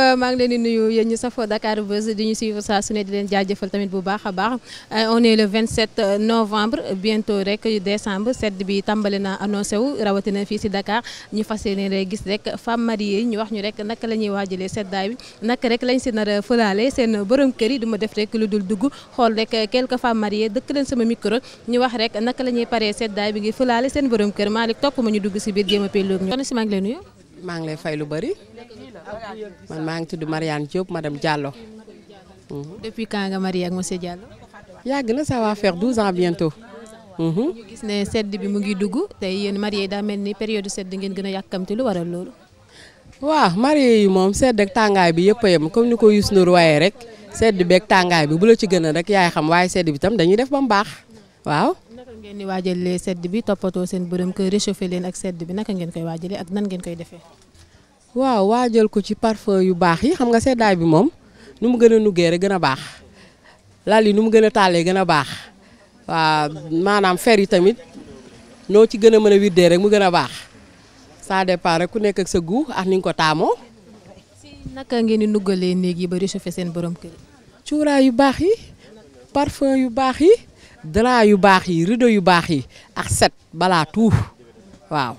Euh, maa ngi leen di nuyu yéen ñu safoo Dakar Buzz di ñu suivre saa su di leen jaajafal tamit bu baax a baax euh, on est le 27 euh, novembre bientôt rek décembre sedd bi tàmbali na annoncé wu rawatina fii si dakaar ñu fas yéene rek gis rek femme mariée ñu wax ñu rek naka la ñuy waajalee seddaay bi naka rek lañ si nar a fëlaale seen borom kër yi du ma def rek lu dul dugg xool rek quelques femmes mariées dëkk leen sama micro ñu wax rek naka la ñuy paree seddaay bi ngi fëlaale seen borom kër Malick ñu dugg si biir jéem a pelloog maa ngi lay fay lu bari man maa ngi tudd Mariane Diop madame Diallo. Mhm. depuis quand nga marié ak yàgg na ça va faire 12 ans bientôt. Mhm. ñu gis ne sedd bi mu ngi dugg tey yéen marié yi daa mel ni période sedd ngeen gën a yàkkamti lu waral loolu. waaw marié yi moom sedd ak tàngaay bi yëpp a comme ni ko Youssou Ndour waaye rek sedd beeg tàngaay bi bu la ci gën rek yaay xam waaye sedd bi tam dañuy def ba mu baax. waaw. naka ngeen di waajalee sedd bi toppatoo seen bërëm kër réchauffé leen ak sedd bi naka ngeen koy waajale ak nan ngeen koy defee. waaw waajal ko ci parfum yu baax yi xam nga seddaay bi moom nu mu gën a nuggee rek gën a baax lal yi nu mu gën a taalee gën a baax waaw maanaam fer yi tamit noo ci gën a mën a widdee rek mu gën a baax ça dépend rek ku nekk ak sa goût ak ni nga ko taamoo. si naka ngeen di nuggalee néeg yi ba réchauffé seen borom kër. cuuraay yu yi yu baax yi. dra yu baax yi rideau yu baax yi ak set balaa tout waaw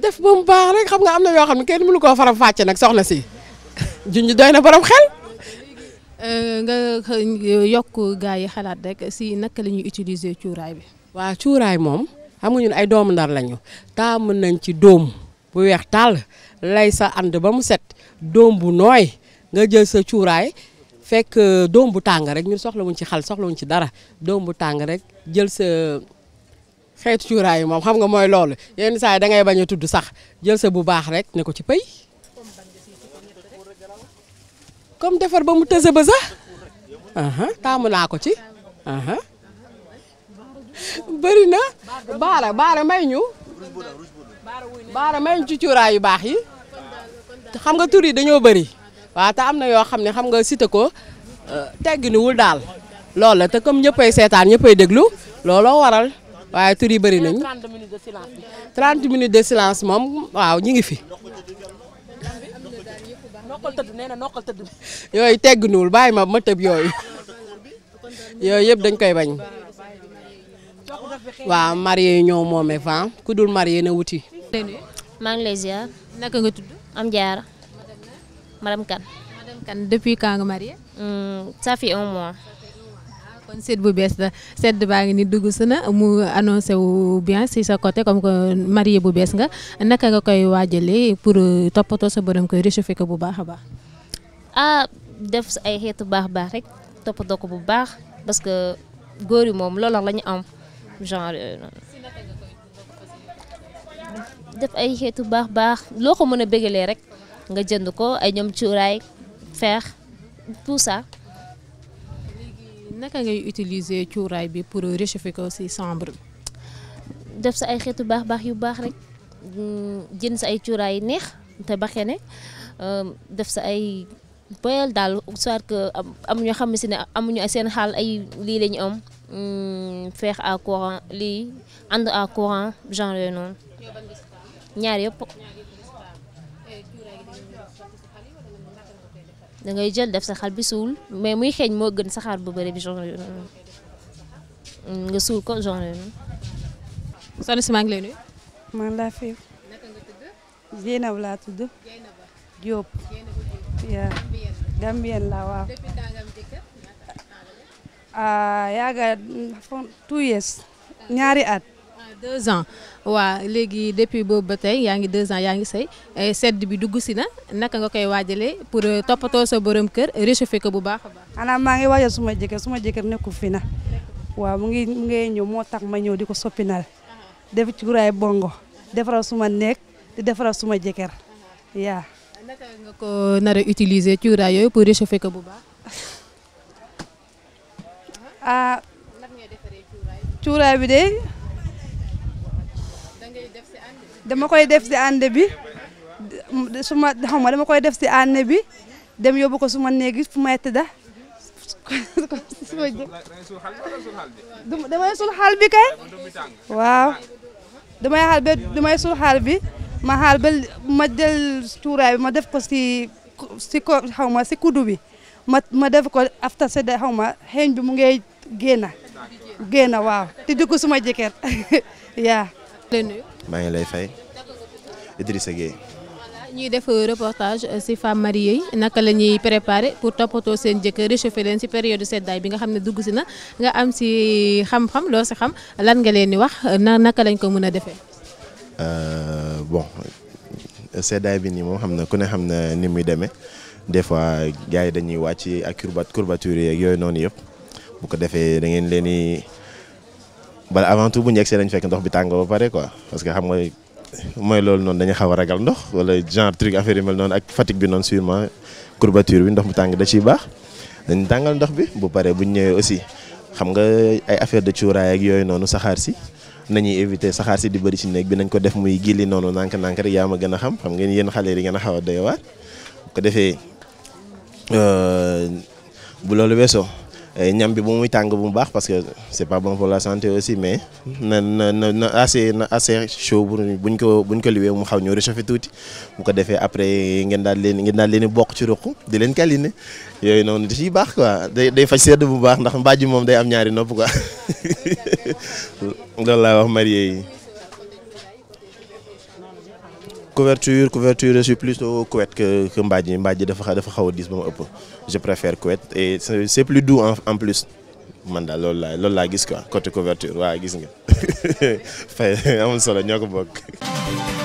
def ba mu baax rek xam nga am na yoo xam ne kenn mënu koo faram fàcce nag soxna si junj doy na borom xel euh, nga euh, yokk gars yi xalaat rek si naka lañuy ñuy cuuraay bi waaw cuuraay moom xam nga ñun ay doomu ndar lañu taamu nañ ci doom bu weex tàll lay sa ànd ba mu set doom bu nooy nga jël sa cuuraay fekk euh, doom bu tàng rek ñun soxlawuñ ci xal soxlawuñ ci dara doom bu tàng rek jël sa xeetu cuuraay moom xam nga mooy loolu yenn saa yi da ngay bañ a tudd sax jël sa bu baax rek ne ko ci pay comme defar ba mu tëse ba sax taamu naa ko ci bëri na baara baara may ñu baara may ñu ci cuuraay yu baax yi xam nga tur dañoo bari waaw te am na yoo xam ne xam nga cité ko euh, tegginuwul daal loolu la te comme ñëppay seetaan ñëppay déglu looloo waral waaye tur yi bëri nañu. 30 minutes de silence bi. 30 minutes de silence moom waaw ñi ngi fi. nokkal tëdd nee na nokkal tëdd. yooyu tegginuwul bàyyi ma ma tëb yooyu yooyu yëpp dañ koy bañ. waaw marié yi ñoo moomee fan ah. ku dul marié na wuti. maa ngi lay ziar. naka nga madame Kane. madame Kane depuis quand nga marié. Hmm, ça fait un mois. Ah, kon seet bu bees la sedd baa ngi ni dugg si na mu annoncé wu bien si sa côté comme que marié bu bees nga naka nga koy waajalee pour euh, toppatoo sa borom koy réchauffé ko bu baax a baax. ah def si ay xeetu baax baax rek toppatoo ko bu baax parce que góor yi moom loolu la ñu am genre. Euh, def ay xeetu baax baax loo ko mën a bégalee rek. nga jënd ko ay ñoom cuuraay fer tout sax léegi naka ngay utiliser cuuraay bi pour réchauffer ko ci chambre def sa ay xeetu baax baax yu baax rek mm, jën sa ay cuuraay yu neex te baxe ne euh, def sa ay boyal daal soit que am ñoo xam si ne amuñu seen xaal ay lii la ñu am mm, feex à courant lii ànd à courant genre yooyu noonu ñaar yëpp. dangay ngay jël def saxaar bi suul mais muy xeeñ moo gën saxaar bu bëri bi genre yooyu noonu mm, nga suul ko genre yooyu noonu. soxna si maa lay nuyu. man laa fi. naka nga laa tudd. Zeynab Diop. yaa laa waaw. Ah, yaa nga mm, two years ñaari at. deux ans waa léegi depuis boobu ba tey yaa ngi deux ans yaa ngi sëy eh, sedd bi dugg si na naka nga koy waajalee pour euh, toppatoo sa borom kër réchauffé ko bu baax a maa ngi waajal suma jëkkër suma jëkkër nekkul fi na waaw mu ngi mu ngi ñëw moo tax ma ñëw di ko soppinal uh-huh. def ci guraay bongo defaral suma nekk di defaral suma jëkkër yaa. naka nga ko nar a utiliser cuuraay yooyu pour réchauffé ko bu baax. Ah, cuuraay bi de. dama koy def si ànd bi su ma dama koy def si ànd bi dem yóbbu ko su ma néegi fu may tëdda damay sul xaal kay waaw damay xaal damay sul xaal ma xaal ba ma jël cuuraay bi ma def ko si si xaw ma si kuddu ma def ko afta sedd xaw ma xeeñ bi mu ngay génna génna waaw te di ko suma jëkkër maa ngi lay fay Idrissa Gueye. ñuy def reportage euh, si femmes mariées yi naka la ñuy préparer pour toppatoo seen jëkkër réchauffer leen ci période seddaay bi nga xam ne dugg si na nga am ci xam-xam loo ci xam lan nga leen di wax na naka lañ ko mën a defee. Euh, bon seddaay bi nii moo xam na ku ne xam na ni muy demee des fois gars yi dañuy wàcc ak courbat courbature yeeg yooyu noonu yëpp bu ko defee da ngeen leen bala avant tout bu ñu egsee dañu fekk ndox bi tàng ba pare quoi parce que xam nga mooy loolu noonu dañu xaw a ragal ndox wala genre truc affaire yu mel noonu ak fatigue bi noonu sûrement courbature bi ndox mu tàng da ciy baax dañu tàngal ndox bi bu pare bu ñu ñëwee aussi xam nga ay affaire de cuuraay ak yooyu noonu saxaar si nañuy éviter saxaar si di bëri ci néeg bi nañ ko def muy gilli noonu nànk-nànk rek yaa a gën a xam xam ngeen yéen xale yi ngeen a a doy waar defee euh, bu loolu weesoo. Euh, ñam bi bu muy tàng bu baax parce que c'est pas bon pour la santé aussi mais na na na na assez na assez chaud buñ ko buñ ko liwee mu xaw ñoo réchauffé tuuti bu ko defee après ngeen daal leen ngeen daal leen di bokk ci ruq di leen câliner yooyu noonu da ciy baax quoi day day faj sedd bu baax ndax mbaaj moom day am ñaari nopp quoi loolu laa yi. couverture couverture je suis plutôt couette que que Mbadji Mbadji dafa dafa xaw a diis ba ma ëpp je préfère couette et c'est plus doux en en plus man daal lool laa loolu laa gis quoi côté couverture waaw gis nga fay solo ñoo ko bokk.